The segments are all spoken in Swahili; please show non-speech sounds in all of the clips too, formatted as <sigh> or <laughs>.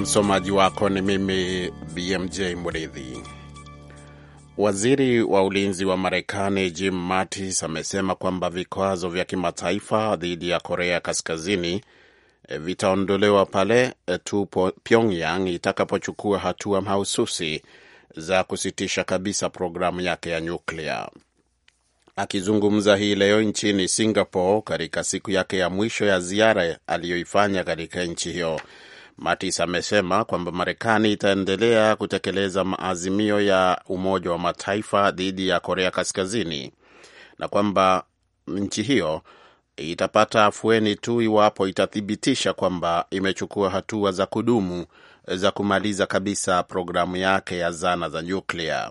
Msomaji wako ni mimi BMJ Mridhi. Waziri wa ulinzi wa Marekani Jim Mattis amesema kwamba vikwazo vya kimataifa dhidi ya Korea Kaskazini eh, vitaondolewa pale eh, tu Pyongyang itakapochukua hatua mahususi za kusitisha kabisa programu yake ya nyuklia. Akizungumza hii leo nchini Singapore katika siku yake ya mwisho ya ziara aliyoifanya katika nchi hiyo, Mattis amesema kwamba Marekani itaendelea kutekeleza maazimio ya Umoja wa Mataifa dhidi ya Korea Kaskazini na kwamba nchi hiyo itapata afueni tu iwapo itathibitisha kwamba imechukua hatua za kudumu za kumaliza kabisa programu yake ya zana za nyuklia.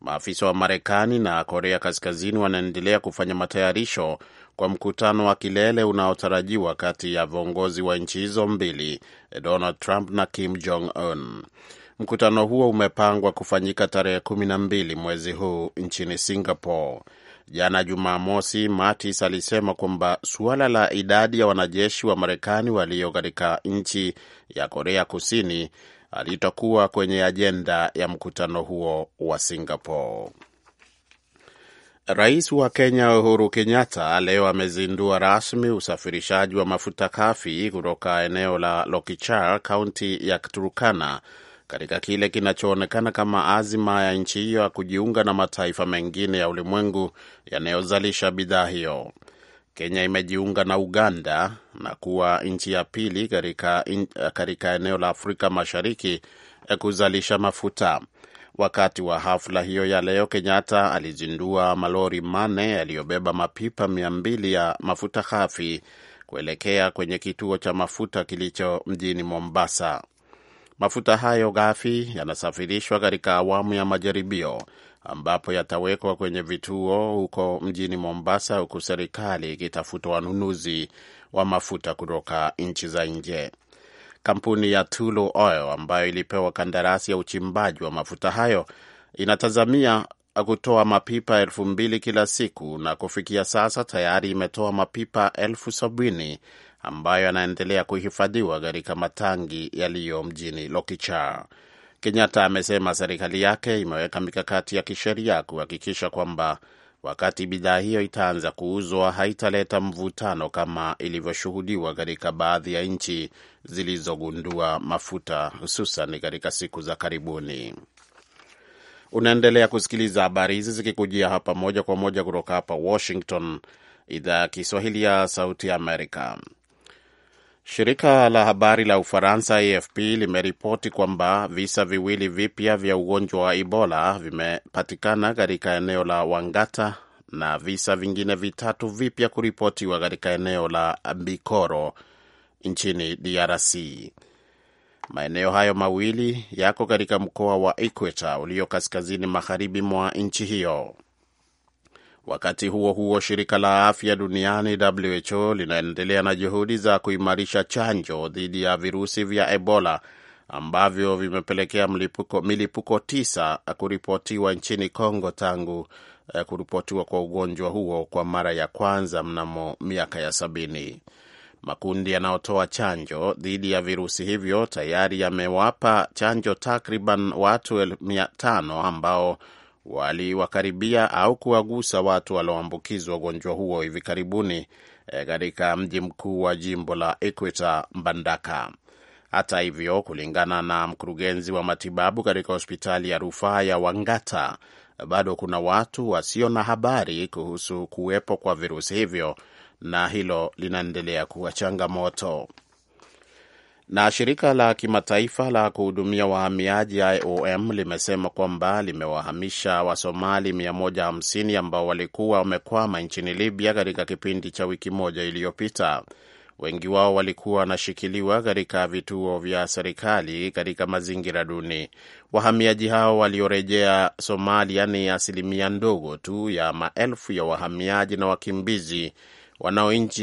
Maafisa wa Marekani na Korea Kaskazini wanaendelea kufanya matayarisho kwa mkutano wa kilele unaotarajiwa kati ya viongozi wa nchi hizo mbili, Donald Trump na Kim Jong Un. Mkutano huo umepangwa kufanyika tarehe kumi na mbili mwezi huu nchini Singapore. Jana Jumamosi, Mattis alisema kwamba suala la idadi ya wanajeshi wa Marekani walio katika nchi ya Korea Kusini halitakuwa kwenye ajenda ya mkutano huo wa Singapore. Rais wa Kenya Uhuru Kenyatta leo amezindua rasmi usafirishaji wa mafuta kafi kutoka eneo la Lokichar, kaunti ya Turkana, katika kile kinachoonekana kama azima ya nchi hiyo ya kujiunga na mataifa mengine ya ulimwengu yanayozalisha bidhaa hiyo. Kenya imejiunga na Uganda na kuwa nchi ya pili katika eneo la Afrika Mashariki ya kuzalisha mafuta. Wakati wa hafla hiyo ya leo, Kenyatta alizindua malori manne yaliyobeba mapipa mia mbili ya mafuta ghafi kuelekea kwenye kituo cha mafuta kilicho mjini Mombasa. Mafuta hayo ghafi yanasafirishwa katika awamu ya majaribio ambapo yatawekwa kwenye vituo huko mjini Mombasa, huku serikali ikitafuta wanunuzi wa mafuta kutoka nchi za nje kampuni ya Tulu Oil ambayo ilipewa kandarasi ya uchimbaji wa mafuta hayo inatazamia kutoa mapipa elfu mbili kila siku na kufikia sasa tayari imetoa mapipa elfu sabini ambayo yanaendelea kuhifadhiwa katika matangi yaliyo mjini Lokicha. Kenyatta amesema serikali yake imeweka mikakati ya kisheria kuhakikisha kwamba Wakati bidhaa hiyo itaanza kuuzwa, haitaleta mvutano kama ilivyoshuhudiwa katika baadhi ya nchi zilizogundua mafuta, hususan katika siku za karibuni. Unaendelea kusikiliza habari hizi zikikujia hapa moja kwa moja kutoka hapa Washington, idhaa ya Kiswahili ya Sauti ya Amerika. Shirika la habari la Ufaransa AFP limeripoti kwamba visa viwili vipya vya ugonjwa wa Ebola vimepatikana katika eneo la Wangata na visa vingine vitatu vipya kuripotiwa katika eneo la Bikoro nchini DRC. Maeneo hayo mawili yako katika mkoa wa Equator ulio kaskazini magharibi mwa nchi hiyo. Wakati huo huo, shirika la afya duniani WHO linaendelea na juhudi za kuimarisha chanjo dhidi ya virusi vya Ebola ambavyo vimepelekea milipuko, milipuko tisa kuripotiwa nchini congo tangu eh, kuripotiwa kwa ugonjwa huo kwa mara ya kwanza mnamo miaka ya sabini. Makundi yanayotoa chanjo dhidi ya virusi hivyo tayari yamewapa chanjo takriban watu mia tano ambao waliwakaribia au kuwagusa watu walioambukizwa ugonjwa huo hivi karibuni e, katika mji mkuu wa jimbo la Equator, Mbandaka. Hata hivyo, kulingana na mkurugenzi wa matibabu katika hospitali ya rufaa ya Wangata, bado kuna watu wasio na habari kuhusu kuwepo kwa virusi hivyo, na hilo linaendelea kuwa changamoto. Na shirika la kimataifa la kuhudumia wahamiaji IOM limesema kwamba limewahamisha Wasomali 150 ambao walikuwa wamekwama nchini Libya katika kipindi cha wiki moja iliyopita. Wengi wao walikuwa wanashikiliwa katika vituo vya serikali katika mazingira duni. Wahamiaji hao waliorejea Somalia ni asilimia ndogo tu ya maelfu ya wahamiaji na wakimbizi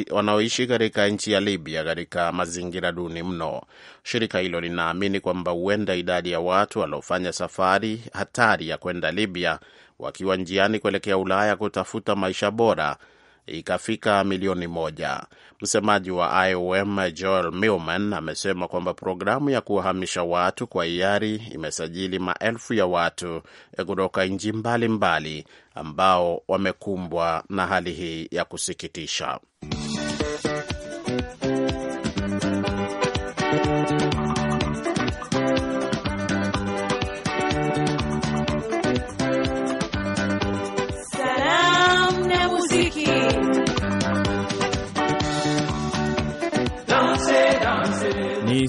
wanaoishi katika nchi ya Libya katika mazingira duni mno. Shirika hilo linaamini kwamba huenda idadi ya watu waliofanya safari hatari ya kwenda Libya wakiwa njiani kuelekea Ulaya kutafuta maisha bora ikafika milioni moja. Msemaji wa IOM Joel Milman amesema kwamba programu ya kuwahamisha watu kwa hiari imesajili maelfu ya watu eh, kutoka nchi mbalimbali ambao wamekumbwa na hali hii ya kusikitisha.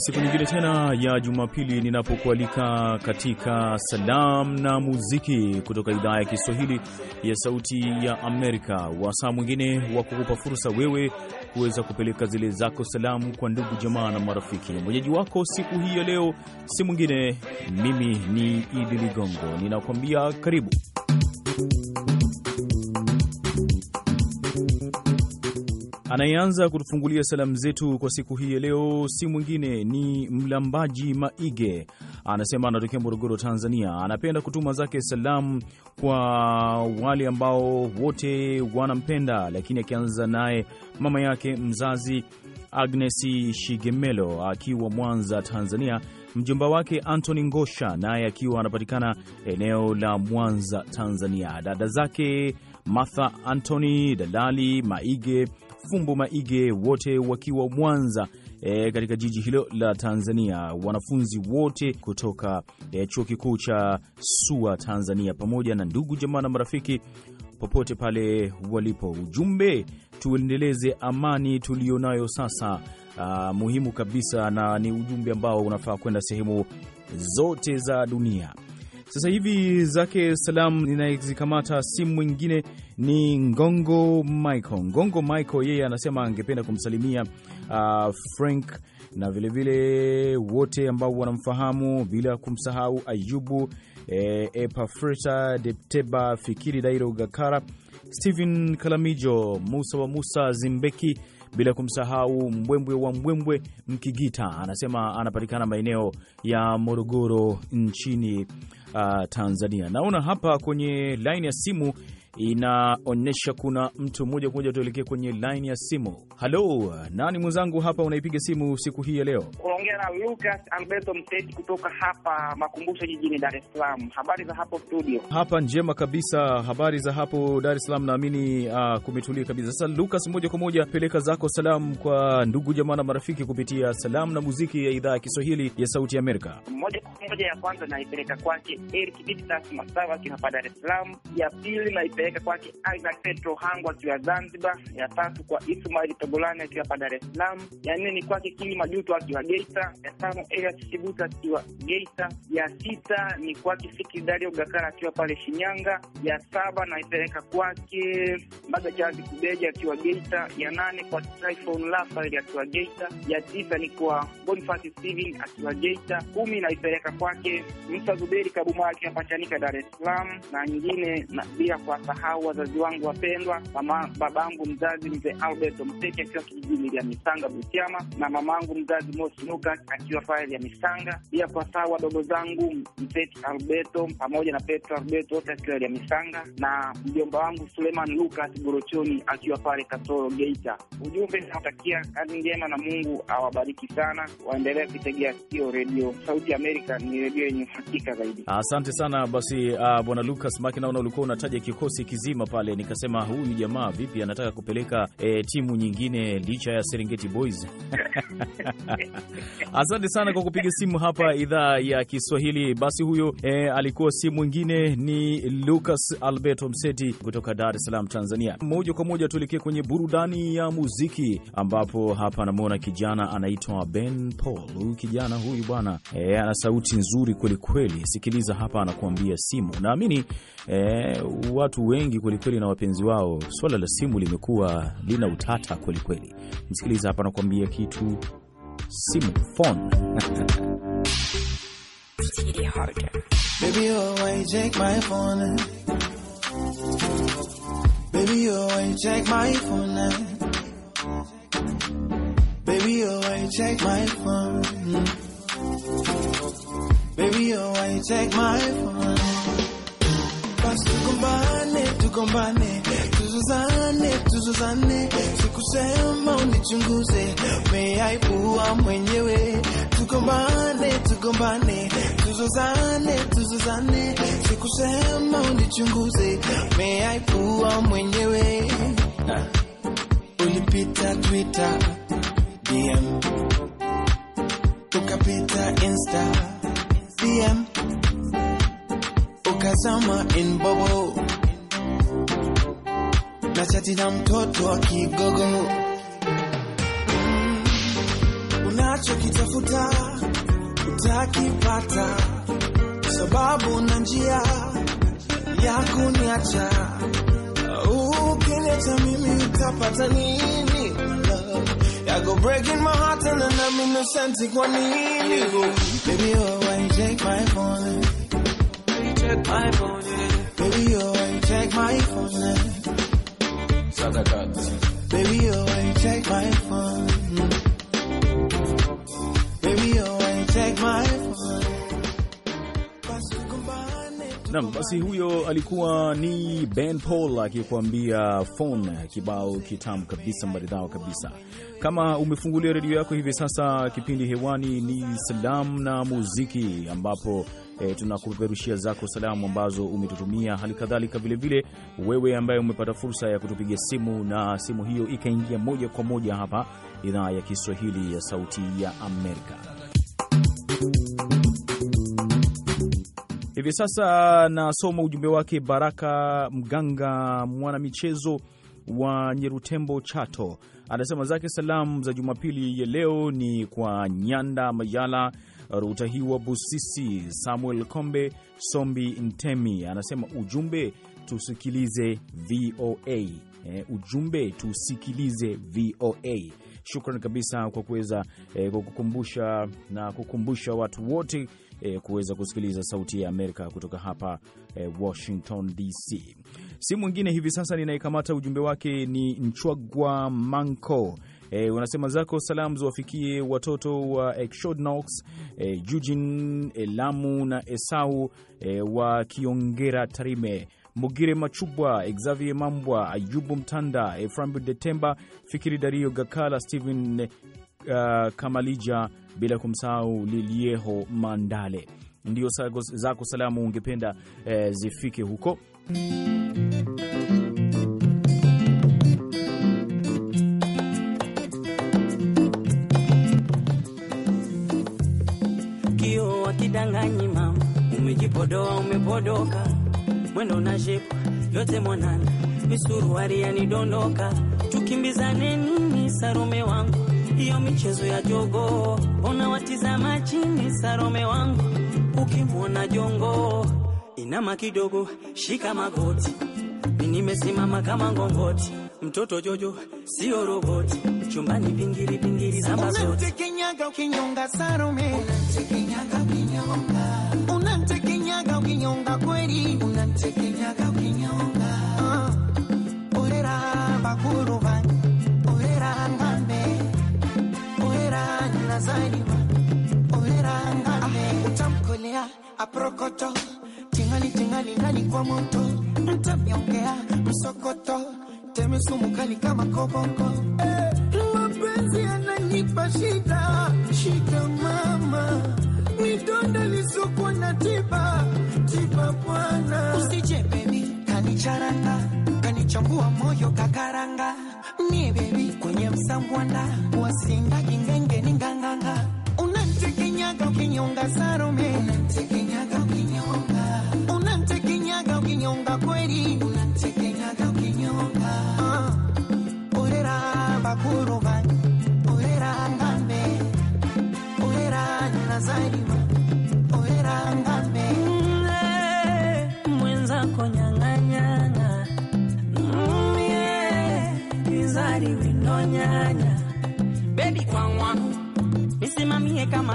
siku nyingine tena ya Jumapili ninapokualika katika salamu na muziki kutoka idhaa ya Kiswahili ya Sauti ya Amerika, wasaa mwingine wa kukupa fursa wewe kuweza kupeleka zile zako salamu kwa ndugu, jamaa na marafiki. Mwenyeji wako siku hii ya leo si mwingine, mimi ni Idi Ligongo, ninakuambia karibu. Anayeanza kutufungulia salamu zetu kwa siku hii ya leo si mwingine ni Mlambaji Maige, anasema anatokea Morogoro, Tanzania. Anapenda kutuma zake salamu kwa wale ambao wote wanampenda, lakini akianza naye mama yake mzazi Agnes Shigemelo akiwa Mwanza, Tanzania, mjomba wake Anthony Ngosha naye akiwa anapatikana eneo la Mwanza, Tanzania, dada zake Martha Anthony, Dalali Maige Fumbo Maige, wote wakiwa Mwanza e, katika jiji hilo la Tanzania, wanafunzi wote kutoka e, chuo kikuu cha SUA Tanzania, pamoja na ndugu jamaa na marafiki popote pale walipo. Ujumbe, tuendeleze amani tuliyonayo sasa. Uh, muhimu kabisa na ni ujumbe ambao unafaa kwenda sehemu zote za dunia. Sasa hivi zake salam ninayezikamata simu mwingine ni Ngongo Michael. Ngongo Michael yeye anasema angependa kumsalimia uh, Frank na vilevile vile wote ambao wanamfahamu bila kumsahau Ayubu e, eh, Epafreta Depteba Fikiri Dairo Gakara Stephen Kalamijo Musa wa Musa Zimbeki bila kumsahau Mbwembwe wa Mbwembwe Mkigita. Anasema anapatikana maeneo ya Morogoro nchini uh, Tanzania. Naona hapa kwenye laini ya simu inaonyesha kuna mtu moja kwa moja. Tuelekee kwenye line ya simu. Halo, nani mwenzangu hapa unaipiga simu siku hii ya leo? Unaongea na Lucas Alberto Mteti kutoka hapa Makumbusho jijini Dar es Salaam. Habari za hapo studio? Hapa njema kabisa, habari za hapo Dar es Salaam. Naamini uh, kumetulia kabisa. Sasa Lucas, moja kwa moja peleka zako salamu kwa ndugu jamaa na marafiki kupitia salamu na muziki ya idhaa ya Kiswahili ya Sauti ya Amerika. Moja kwa moja, ya kwanza naipeleka kwake Eric Bitas Masawa hapa Dar es Salaam. Ya pili naipeleka kupeleka kwake Isaac Petro Hangwa akiwa Zanzibar, ya tatu kwa Ismail Togolani akiwa pa Dar es Salaam, ya nne ni kwake Kili Majuto akiwa Geita, ya tano Elias Chibuta akiwa Geita, ya sita ni kwake Fikiri Dario Gakara akiwa pale Shinyanga, ya saba naipeleka kwake Mbaga Chazi Kubeja akiwa Geita, ya nane kwa Tryphon Raphael akiwa Geita, ya tisa ni kwa Boniface Steven akiwa Geita, kumi naipeleka kwake Musa Zuberi Kabuma akiwa Pachanika Dar es Salaam, na nyingine na bila kwa kuwasahau wazazi wangu wapendwa, mama babangu mzazi mzee Albert Mteke akiwa kijijini ya Misanga Butiama, na mamangu mzazi Mosi Lucas akiwa pale ya Misanga, pia kuwasahau wadogo zangu Mteke Alberto pamoja na Petro Alberto wote akiwa ya Misanga, na mjomba wangu Suleiman Lukas Gorochoni akiwa pale Katoro Geita. Ujumbe nawatakia kazi njema na Mungu awabariki sana, waendelee kuitegea sikio redio Sauti Amerika, ni redio yenye uhakika zaidi. Asante sana basi, uh, bwana Lukas Makina, naona ulikuwa unataja kikosi kikosi kizima pale, nikasema huyu jamaa vipi anataka kupeleka e, timu nyingine licha ya Serengeti Boys. <laughs> Asante sana kwa kupiga simu hapa idhaa ya Kiswahili. Basi huyo e, alikuwa si mwingine ni Lucas Alberto Mseti kutoka Dar es Salaam, Tanzania. Moja kwa moja tuelekee kwenye burudani ya muziki, ambapo hapa anamwona kijana anaitwa Ben Paul. Huyu kijana huyu bwana e, ana sauti nzuri kwelikweli. Sikiliza hapa anakuambia simu. Naamini e, watu wengi kwelikweli na wapenzi wao, swala la simu limekuwa lina utata kwelikweli. Msikiliza hapa, nakuambia kitu simu phone tugombane, tugombane, tuzuzane, tuzuzane, sikusema unichunguze, umeaibua mwenyewe. Tugombane, tugombane, tuzuzane, tuzuzane, sikusema unichunguze, meaibua mwenyewe. Ulipita Twitter, DM, ukapita Insta, DM summer in bubble, na chati na mtoto akigogo unachokitafuta utakipata sababu na njia ya kuniacha ukiniacha mimi utapata nini Ya Go breaking my heart and then I'm innocent. Baby, oh, why you take my phone? check my phone, yeah. Baby, oh, you check my phone, yeah. Sada cut. Baby, oh, you check my phone. Baby, Nam, basi huyo alikuwa ni Ben Paul akikuambia phone, kibao kitamu kabisa, maridhawa kabisa. Kama umefungulia redio yako hivi sasa, kipindi hewani ni salamu na muziki, ambapo e, tunakupeperushia zako salamu ambazo umetutumia. Hali kadhalika vilevile, wewe ambaye umepata fursa ya kutupiga simu na simu hiyo ikaingia moja kwa moja hapa idhaa ya Kiswahili ya Sauti ya Amerika. Hivi sasa nasoma ujumbe wake Baraka Mganga, mwanamichezo wa Nyerutembo, Chato. Anasema zake salamu za Jumapili ya leo ni kwa Nyanda Mayala Rutahiwa Busisi, Samuel Kombe, Sombi Ntemi anasema ujumbe tusikilize VOA. E, eh, ujumbe tusikilize VOA. Shukran kabisa kwa kuweza e, kwa kukumbusha na kukumbusha watu wote e, kuweza kusikiliza Sauti ya Amerika kutoka hapa e, Washington DC. Si mwingine hivi sasa ninayekamata ujumbe wake ni Nchwagwa Manko E, unasema zako salamu ziwafikie watoto wa Exodnox, e, Jujin Elamu na Esau e, wa Kiongera Tarime Mugire Machubwa, Xavier Mambwa, Ayubu Mtanda, Eframbu Detemba, Fikiri Dario Gakala, stehen uh, eh, Kamalija, bila kumsahau Lilieho Mandale. Ndio zako salamu ungependa eh, zifike huko Upodoa umepodoka, mwendo unashika yote mwanana, misuruari yanidondoka, tukimbizane nini Sarome wangu, hiyo michezo ya jogo, ona watizama chini sarume wangu, ukimwona jongo inama kidogo, shika magoti, nimesimama kama ngongoti, mtoto jojo sio roboti, chumbani pingiri pingiri, zamba zote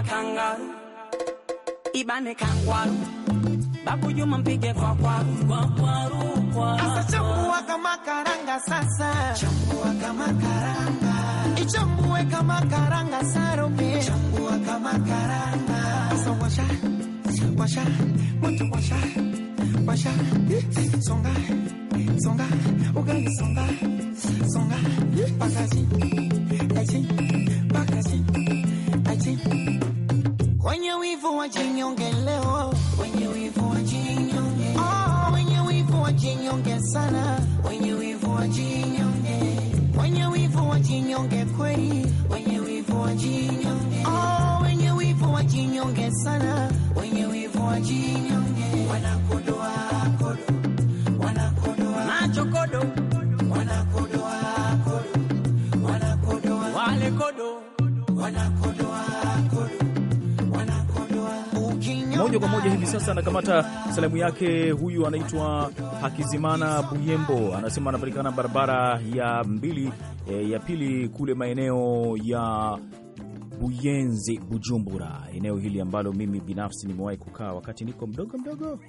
wa kangaru, ibane kangwaru, babu Juma mpige kwa kwaru, kwa kwaru, kwa sasa chambua kama karanga, sasa chambua kama karanga, ichambue kama karanga, sarupi chambua kama karanga, sasa washa washa moto washa washa songa songa ugali songa songa pakazi aji pakazi aji wajinyonge wenye wivu wajinyonge, oh, ah, sana moja kwa moja hivi sasa anakamata salamu yake. Huyu anaitwa Hakizimana Buyembo, anasema anapatikana barabara ya mbili e, ya pili kule maeneo ya Buyenzi, Bujumbura, eneo hili ambalo mimi binafsi nimewahi kukaa wakati niko mdogo mdogo.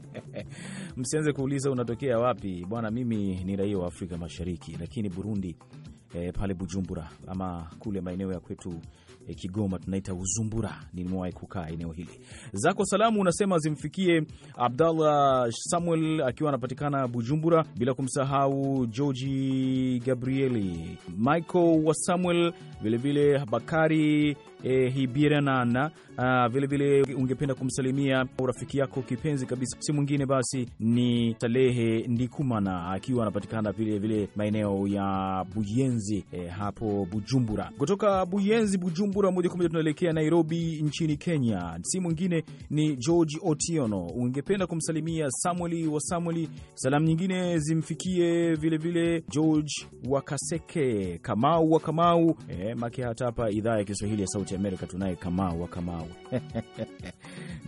<laughs> Msianze kuuliza unatokea wapi bwana, mimi ni raia wa Afrika Mashariki, lakini Burundi, e, pale Bujumbura ama kule maeneo ya kwetu e, Kigoma tunaita Uzumbura. Nimewahi kukaa eneo hili. Zako salamu unasema zimfikie Abdallah Samuel akiwa anapatikana Bujumbura, bila kumsahau Georgi Gabrieli, Michael wa Samuel, vilevile Bakari e, eh, Hibiranana vilevile ah, vile ungependa kumsalimia urafiki yako kipenzi kabisa, si mwingine basi ni Salehe Ndikumana akiwa anapatikana vilevile maeneo ya Buyenzi e, hapo Bujumbura. Kutoka Buyenzi Bujumbura moja kwa moja tunaelekea Nairobi nchini Kenya, si mwingine ni George Otiono. Ungependa kumsalimia Samueli wa Samueli. Salamu nyingine zimfikie vilevile vile George Wakaseke Kamau wa Kamau e, make hata hapa idhaa ya Kiswahili ya Sauti Amerika tunaye Kamau wa Kamau <laughs>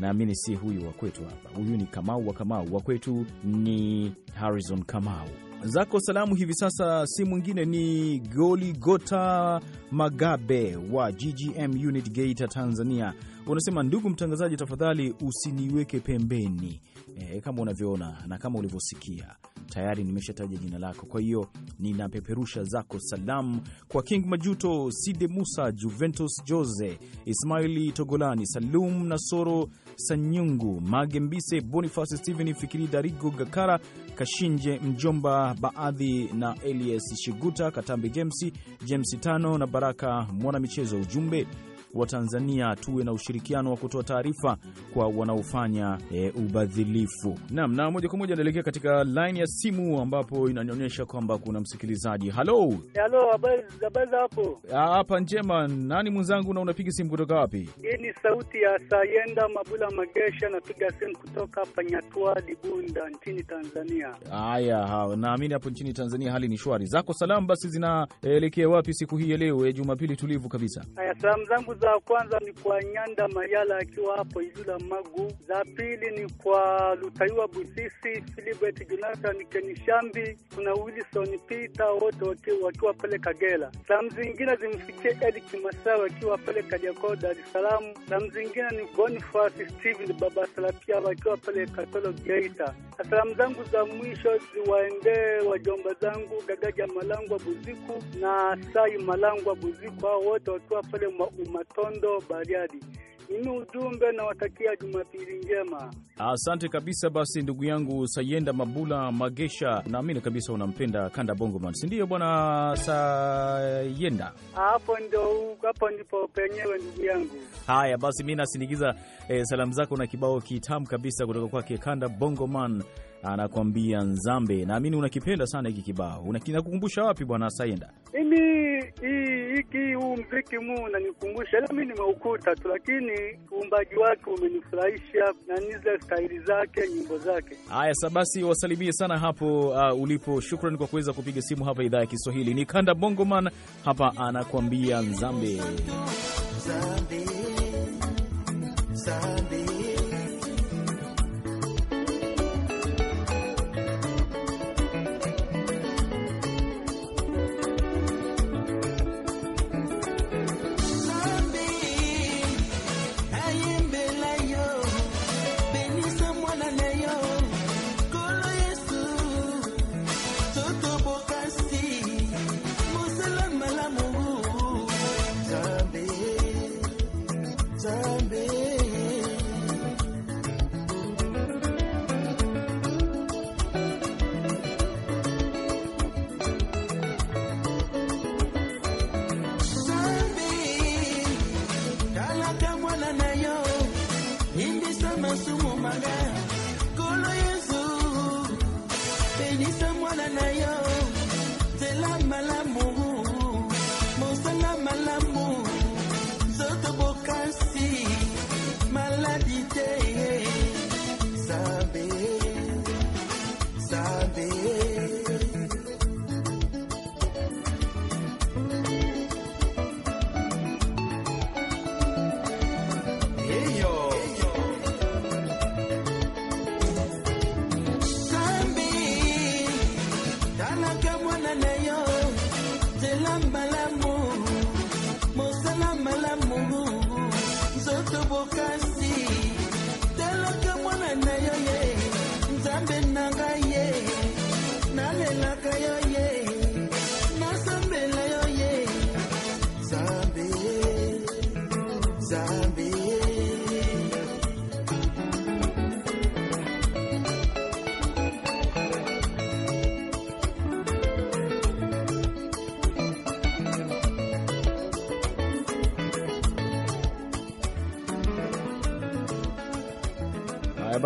naamini si huyu wa kwetu hapa, huyu ni Kamau wa Kamau, wa kwetu ni Harrison Kamau. Zako salamu hivi sasa si mwingine ni Goligota Magabe wa GGM Unit Gate, Tanzania. Unasema, ndugu mtangazaji, tafadhali usiniweke pembeni. E, kama unavyoona na kama ulivyosikia tayari nimeshataja jina lako. Kwa hiyo ninapeperusha zako salamu kwa King Majuto, Side Musa, Juventus Jose, Ismaili Togolani, Salum Nasoro, Sanyungu Magembise, Boniface Steven, Fikiri Darigo, Gakara Kashinje, Mjomba Baadhi na Elias Shiguta, Katambi James, James Tano na Baraka Mwana Michezo. Ujumbe Watanzania tuwe na ushirikiano wa kutoa taarifa kwa wanaofanya e, ubadhilifu. Naam, na moja kwa moja naelekea katika laini ya simu ambapo inanionyesha kwamba kuna msikilizaji. Halo, halo, habari za hapo? Hapa njema. Nani mwenzangu, na unapiga simu kutoka wapi? Hii ni sauti ya Sayenda Mabula Magesha, napiga simu kutoka hapa Nyatua nchini Tanzania. Haya, naamini hapo nchini Tanzania hali ni shwari. Zako salamu basi zinaelekea wapi siku hii ya leo ya e, Jumapili tulivu kabisa? Haya, salamu zangu za kwanza ni kwa Nyanda Mayala akiwa hapo Ijula Magu, za pili ni kwa Lutaiwa Busisi, Filibert Jonathan Kenishambi, kuna Wilson Peter, wote wakiwa pale Kagera. Salamu zingine zimfikie Elik Masawe akiwa pale Kariakoo, Dar es Salaam. Salamu zingine ni Bonifas Steven Baba Salapia wakiwa pale Katolo Geita. Salamu zangu za mwisho ziwaendee wajomba zangu Gagaja Malangwa Buziku na Sai Malangwa Buziku, hao wote wakiwa pale mwa Kondo Bariadi. Mimi ujumbe nawatakia Jumapili njema. Asante kabisa. Basi ndugu yangu Sayenda Mabula Magesha, naamini kabisa unampenda Kanda Bongoman, si ndio bwana Sayenda? Hapo ndio, hapo ndipo penyewe ndugu yangu. Haya basi, mi nasindikiza eh, salamu zako na kibao kitamu kabisa kutoka kwake Kanda Bongoman anakuambia Nzambe. Naamini unakipenda sana hiki kibao. Kinakukumbusha wapi bwana Saenda? Mimi hiki huu mziki mu unanikumbusha, ila mi nimeukuta tu, lakini uumbaji wake umenifurahisha na niza staili zake, nyimbo zake. Haya, sa basi wasalimie sana hapo uh, ulipo. Shukrani kwa kuweza kupiga simu hapa idhaa ya Kiswahili. Ni Kanda Bongoman hapa anakuambia Nzambe, Nzambe.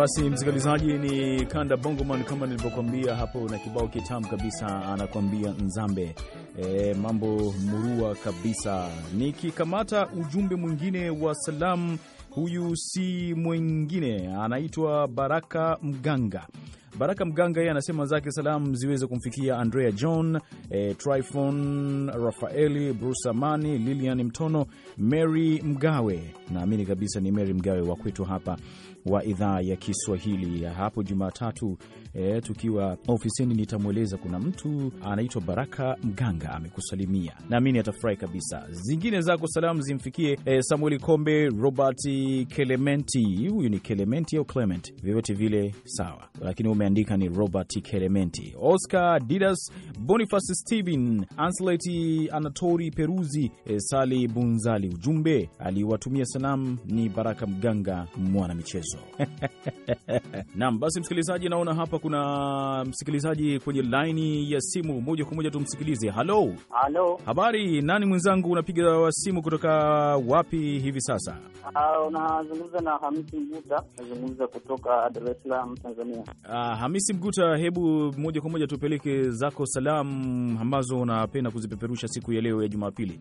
Basi msikilizaji, ni Kanda Bongoman kama nilivyokuambia hapo, na kibao kitamu kabisa anakuambia Nzambe. E, mambo murua kabisa. Nikikamata ujumbe mwingine wa salamu, huyu si mwingine, anaitwa Baraka Mganga. Baraka Mganga yeye anasema zake salamu ziweze kumfikia Andrea John, e, Tryphon Rafaeli, Bruce Amani, Lilian Mtono, Mary Mgawe, naamini kabisa ni Mary Mgawe wa kwetu hapa wa idhaa ya Kiswahili hapo Jumatatu e, tukiwa ofisini, nitamweleza kuna mtu anaitwa Baraka Mganga amekusalimia, naamini atafurahi kabisa. Zingine zako salamu zimfikie e, Samueli Kombe, Robert Kelementi, huyu ni Kelementi au Clement vyovyote vile sawa, lakini umeandika ni Robert Kelementi, Oscar Didas, Boniface Stephen, Anseleti Anatori Peruzi, e, Sali Bunzali. Ujumbe aliwatumia salamu ni Baraka Mganga, mwana michezo hizo. <laughs> Naam, basi msikilizaji, naona hapa kuna msikilizaji kwenye laini ya simu, moja kwa moja tumsikilize. Halo, halo, habari? Nani mwenzangu, unapiga simu kutoka wapi hivi sasa? Ah, unazungumza na Hamisi Mguta. Nazungumza kutoka Dar es Salaam, Tanzania. Uh, Hamisi Mguta, hebu moja kwa moja tupeleke zako salamu ambazo unapenda kuzipeperusha siku ya leo ya Jumapili.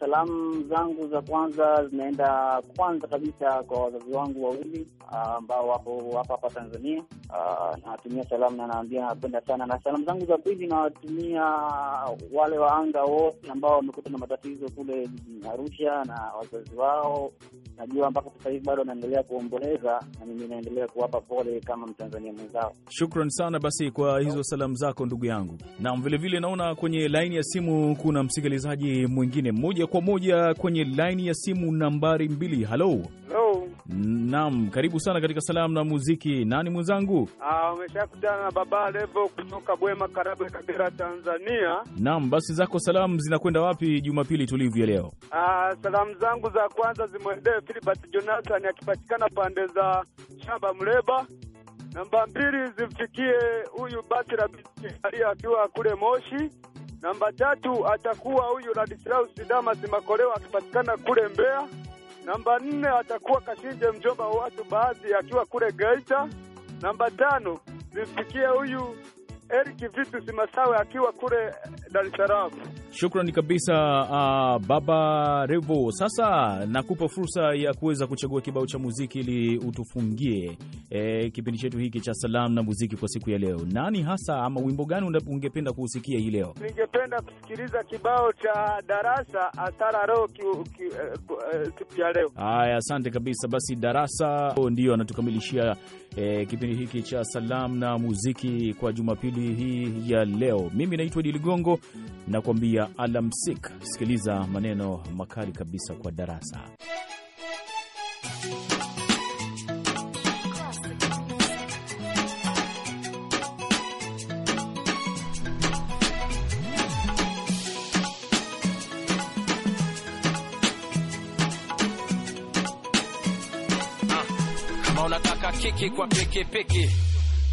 salamu zangu za kwanza zinaenda kwanza kabisa kwa wazazi wangu wawili Ah, ambao wapo hapa hapa Tanzania. Ah, nawatumia salamu na naambia napenda sana, na salamu zangu za pili nawatumia wale waanga wote ambao wamekuta na matatizo kule Arusha na wazazi wao. Najua mpaka sasa hivi bado wanaendelea kuomboleza, na mimi naendelea kuwapa pole kama Mtanzania mwenzao. Shukran sana basi kwa hizo salamu zako ndugu yangu. Naam, vilevile naona kwenye laini ya simu kuna msikilizaji mwingine, moja kwa moja kwenye laini ya simu nambari mbili. Halo. Naam, karibu sana katika salamu na muziki. Nani mwenzangu? Ah, umeshakutana na Baba Levo kutoka Bwema Karagwe, Kagera, Tanzania. Naam, basi zako salamu zinakwenda wapi Jumapili tulivu ya leo? Ah, salamu zangu za kwanza zimwendee Filibert Jonathan akipatikana pande za shamba Mleba. Namba mbili zimfikie huyu Batira Bisari akiwa kule Moshi. Namba tatu atakuwa huyu Ladislaus Damas Makoleo akipatikana kule Mbeya. Namba nne atakuwa Kashinje, mjomba wa watu baadhi, akiwa kule Geita. Namba tano zimfikie huyu Eric Vitus Masawe akiwa kule Dar es Salaam. Shukrani kabisa uh, Baba Revo. Sasa nakupa fursa ya kuweza kuchagua kibao cha muziki ili utufungie e, kipindi chetu hiki cha salamu na muziki kwa siku ya leo. Nani hasa ama wimbo gani ungependa kuusikia hii leo? Ningependa kusikiliza kibao cha Darasa Atara Roho eh, eh, siku ya leo. Haya, asante kabisa. Basi Darasa oh, ndio anatukamilishia e, kipindi hiki cha salamu na muziki kwa Jumapili hii ya leo. Mimi naitwa Idi Ligongo, nakuambia alamsik. Sikiliza maneno makali kabisa kwa darasa kiki kwa peke peke,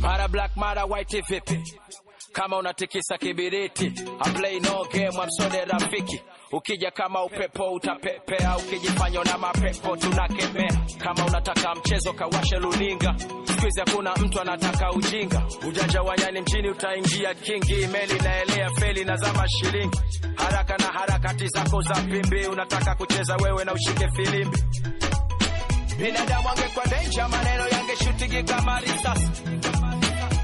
mara black mara white vipi? Kama unatikisa kibiriti, I play no game, amsode rafiki. Ukija kama upepo utapepea, ukijifanya na mapepo tunakemea. Kama unataka mchezo kawashe luninga, siku hakuna mtu anataka ujinga. Ujanja wa nyani mjini utaingia kingi, meli naelea feli na zama shilingi. Haraka na harakati zako za pimbi, unataka kucheza wewe na ushike filimbi binadamu angekuendesha maneno yangeshutingi kama risasi,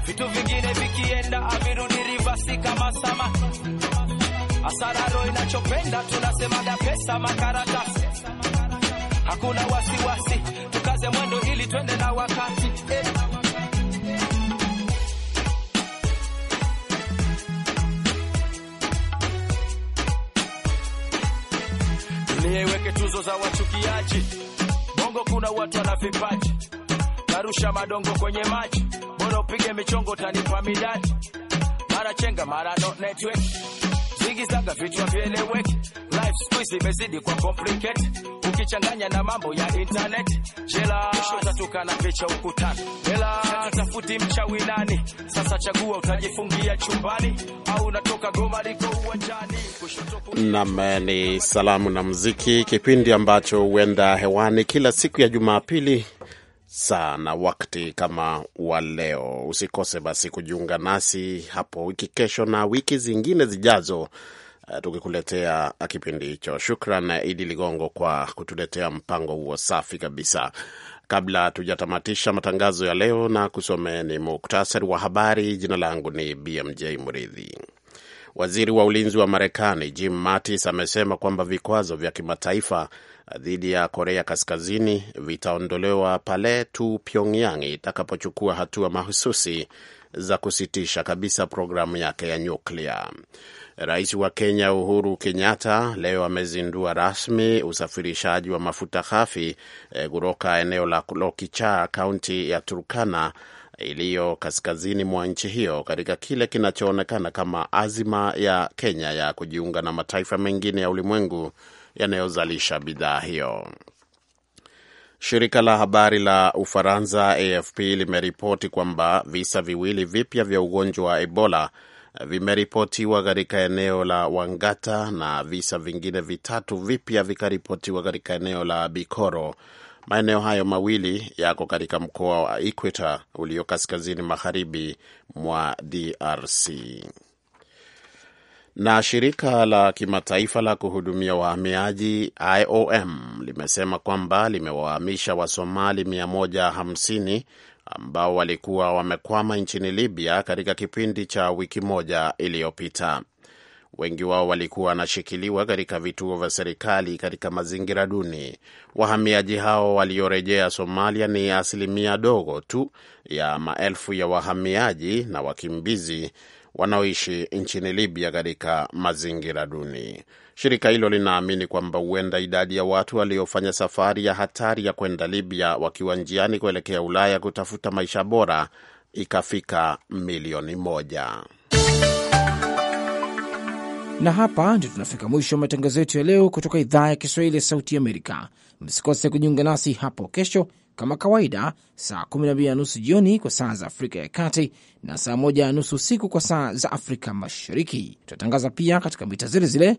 vitu vingine vikienda avirudi rivasi kama sama asararo inachopenda tunasemaga pesa makaratasi, hakuna wasiwasi, tukaze mwendo ili twende na wakati eh. Niweke tuzo za wachukiaji Mbona watu wana vipaji, narusha madongo kwenye maji. bora upige michongo, utanipa midati, mara chenga mara no network zigizaga vitu havieleweki life siku hizi imezidi kwa complicate, ukichanganya na mambo ya internet. Jela tutatukana picha ukutani, jela tutafuti mchawi nani? Sasa chagua, utajifungia chumbani au unatoka goma liko uwanjani. Nam eh, ni salamu na muziki, kipindi ambacho huenda hewani kila siku ya Jumapili sana wakati kama wa leo. Usikose basi kujiunga nasi hapo wiki kesho na wiki zingine zijazo Eh, tukikuletea kipindi hicho. Shukran eh, Idi Ligongo kwa kutuletea mpango huo safi kabisa. Kabla tujatamatisha matangazo ya leo na ni muktasari wa habari, jina langu ni BMJ Muridhi. Waziri wa ulinzi wa Marekani Jim Mattis amesema kwamba vikwazo vya kimataifa eh, dhidi ya Korea Kaskazini vitaondolewa pale tu Pyongyang itakapochukua hatua mahususi za kusitisha kabisa programu yake ya nyuklia. Rais wa Kenya Uhuru Kenyatta leo amezindua rasmi usafirishaji wa mafuta ghafi eh, kutoka eneo la lokicha kaunti ya Turkana iliyo kaskazini mwa nchi hiyo katika kile kinachoonekana kama azima ya Kenya ya kujiunga na mataifa mengine ya ulimwengu yanayozalisha bidhaa hiyo. Shirika la habari la Ufaransa AFP limeripoti kwamba visa viwili vipya vya ugonjwa wa Ebola vimeripotiwa katika eneo la Wangata na visa vingine vitatu vipya vikaripotiwa katika eneo la Bikoro. Maeneo hayo mawili yako katika mkoa wa Equator ulio kaskazini magharibi mwa DRC. Na shirika la kimataifa la kuhudumia wahamiaji IOM limesema kwamba limewahamisha Wasomali 150 ambao walikuwa wamekwama nchini Libya katika kipindi cha wiki moja iliyopita. Wengi wao walikuwa wanashikiliwa katika vituo vya serikali katika mazingira duni. Wahamiaji hao waliorejea Somalia ni asilimia dogo tu ya maelfu ya wahamiaji na wakimbizi wanaoishi nchini Libya katika mazingira duni. Shirika hilo linaamini kwamba huenda idadi ya watu waliofanya safari ya hatari ya kwenda Libya wakiwa njiani kuelekea Ulaya kutafuta maisha bora ikafika milioni moja. Na hapa ndio tunafika mwisho wa matangazo yetu ya leo kutoka idhaa ya Kiswahili ya Sauti Amerika. Msikose kujiunga nasi hapo kesho kama kawaida, saa 12 na nusu jioni kwa saa za Afrika ya Kati na saa 1 na nusu usiku kwa saa za Afrika Mashariki. tunatangaza pia katika mita zile zile